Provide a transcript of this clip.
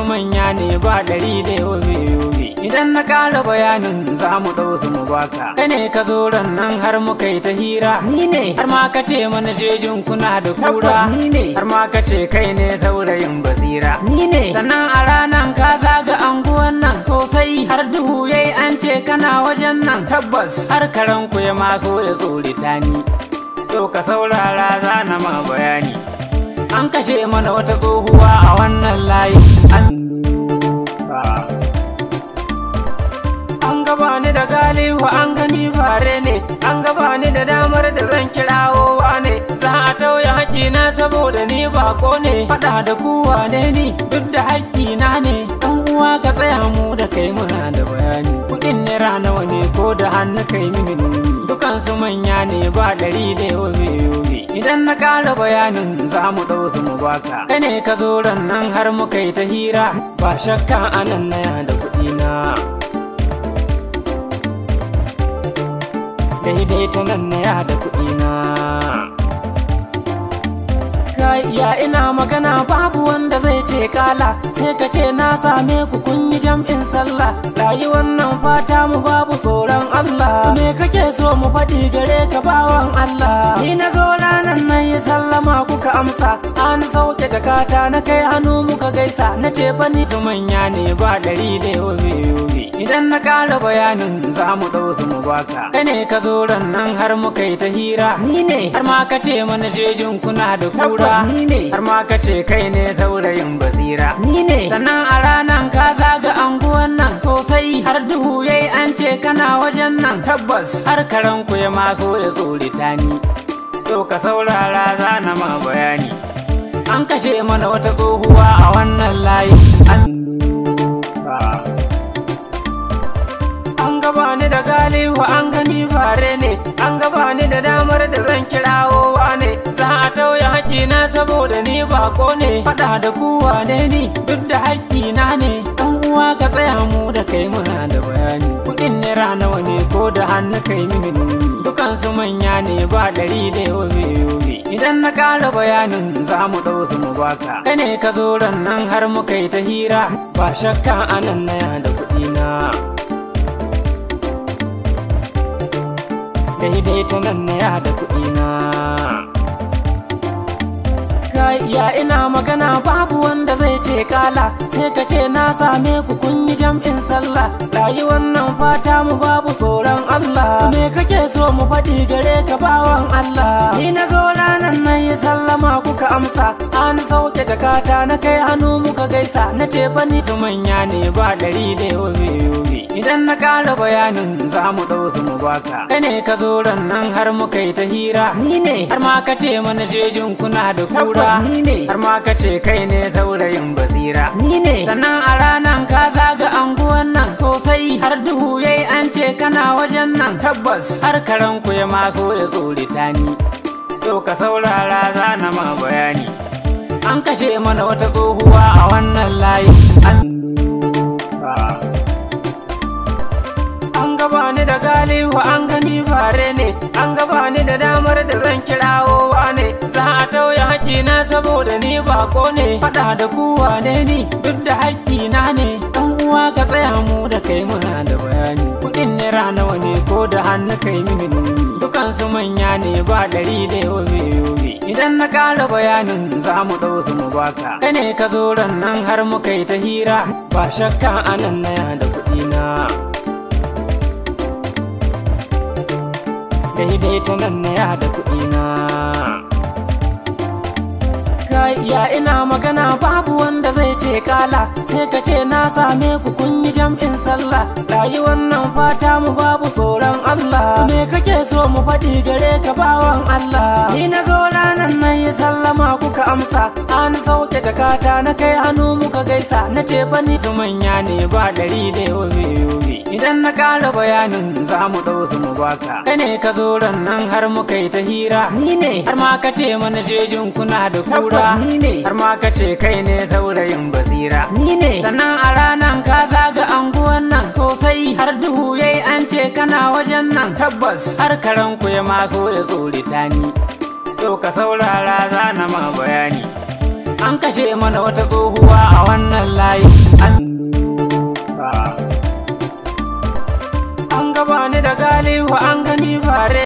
wasu manya ne ba ɗari da yobe yobe idan na ƙara bayanin za mu ɗau su mu baka ka ne ka zo ran nan har mu kai ta hira ni ne har ma ka ce mana jejin kuna da kura ni ne har ma ka ce kai ne saurayin basira ni ne sannan a ranar ka zaga anguwan nan sosai har duhu yayi an ce kana wajen nan tabbas har karan ku ya maso ya tsorita ni To ka saurara za na ma bayani an kashe mana wata tsohuwa a wannan layi ga bani da damar da zan kirawo wane za a tauya na saboda ni bako ne faɗa da ku ne ni duk da na ne ɗan uwa ka tsaya mu da kai muna da bayani kuɗin naira nawa ne ko da hannu kai mini dukansu manya ne ba ɗari da yobe yobe idan na ƙara bayanin za mu ɗau su mu baka kai ka zo ran nan har mu kai ta hira ba shakka anan na da kuɗi na daidaita nan na ya da kuɗina na iya ina magana babu wanda zai ce kala sai ka ce na same ku kun yi jam'in sallah rayuwar nan fata mu babu tsoron Allah me kake mu faɗi gare ka bawan Allah ni na zo ranan nan yi sallama kuka amsa an sauke jakata na kai hannu muka gaisa na ce fa ni manya ne ba ɗari da yobe yobe idan na ƙara bayanin za mu ɗau su mu baka kai ne ka zo nan har mu kai ta hira ni ne har ma ka ce mana jejin kuna da kura ni ne har ma ka ce kai ne saurayin basira ni ne sannan a ranar ce kana wajen nan tabbas har karan ku ya maso ya tsorita ni to ka saurara za na ma bayani an kashe mana wata tsohuwa a wannan layi an an gaba ni da galihu an gani fare ne an gaba ni da damar da zan kirawo ne za a tauya na saboda ni bako ne faɗa da kuwa ne ni duk da na ne uwa ka tsaya mu da kai muna da bayani kuɗin naira nawa ne ko da hannu kai mini nuni dukan su manya ne ba ɗari da yobe yobe idan na ƙara bayanin za mu ɗau su mu baka kai ne ka zo ran nan har mu kai ta hira ba shakka anan naya da kuɗi na ta nan naya da kuɗi na ya ina magana babu kala sai ka ce na same ku kun yi jam'in sallah rayuwar wannan fata mu babu tsoron Allah me kake so mu faɗi gare ka bawan Allah ni na zo ranan nan yi sallama kuka amsa an sauke jakata na kai hannu muka gaisa na ce bani su manya ne ba ɗari da yobe Idan na kala bayanin za mu ɗau su mu baka. kane ne ka zo ran nan har muka yi ta hira. Ni ne. Har ma ka ce mana jejin kuna da kura. ni ne. Har ma ka ce kai ne saurayin basira. Ni ne. Sannan a ranan ka zaga anguwan nan sosai. Har duhu yayi an ce kana wajen nan. Tabbas. Har karan ku ya maso ya tsorita ni. To ka saurara za na ma bayani. An kashe mana wata tsohuwa a wannan layi. An laifi fare ne an gaba ni da damar da zan kirawo ne za a tauye haƙƙi na saboda ni bako ne faɗa da kuwa ne ni duk da haƙƙi na ne ɗan uwa ka tsaya mu da kai muna da bayani kuɗin ne rana wani ko da hannu kai mini dukan dukansu manya ne ba ɗari da yobe yobe idan na ƙara bayanin za mu ɗau su mu baka kai ne ka zo ran nan har mu kai ta hira ba shakka anan na da kuɗi na. daidai ta nan na ya kuɗi na ya ina magana babu wanda zai ce kala sai ka ce na same ku kun yi jam'in sallah rayi wannan fata mu babu tsoron Allah me kake so mu faɗi gare ka bawan Allah ni na zo ranan nan yi sallama kuka amsa an sauke jakata na kai hannu muka gaisa na ce bani su manya ne ba ɗari da yobe yobe idan na ƙara bayanin za mu ɗau su mu baka kai ne ka zo ran nan har muka yi ta hira ni ne har ma ka ce mana jejin kuna da kura ni har ma ka ce kai ne saurayin basira ni ne sannan a ranan ka zaga anguwan nan sosai har duhu yayi an ce kana wajen nan tabbas har karan ku ya maso ya tsorita ni yau ka saurara na ma bayani an kashe mana wata tsohuwa a wannan layi an an gaba ni da galihu an gani fare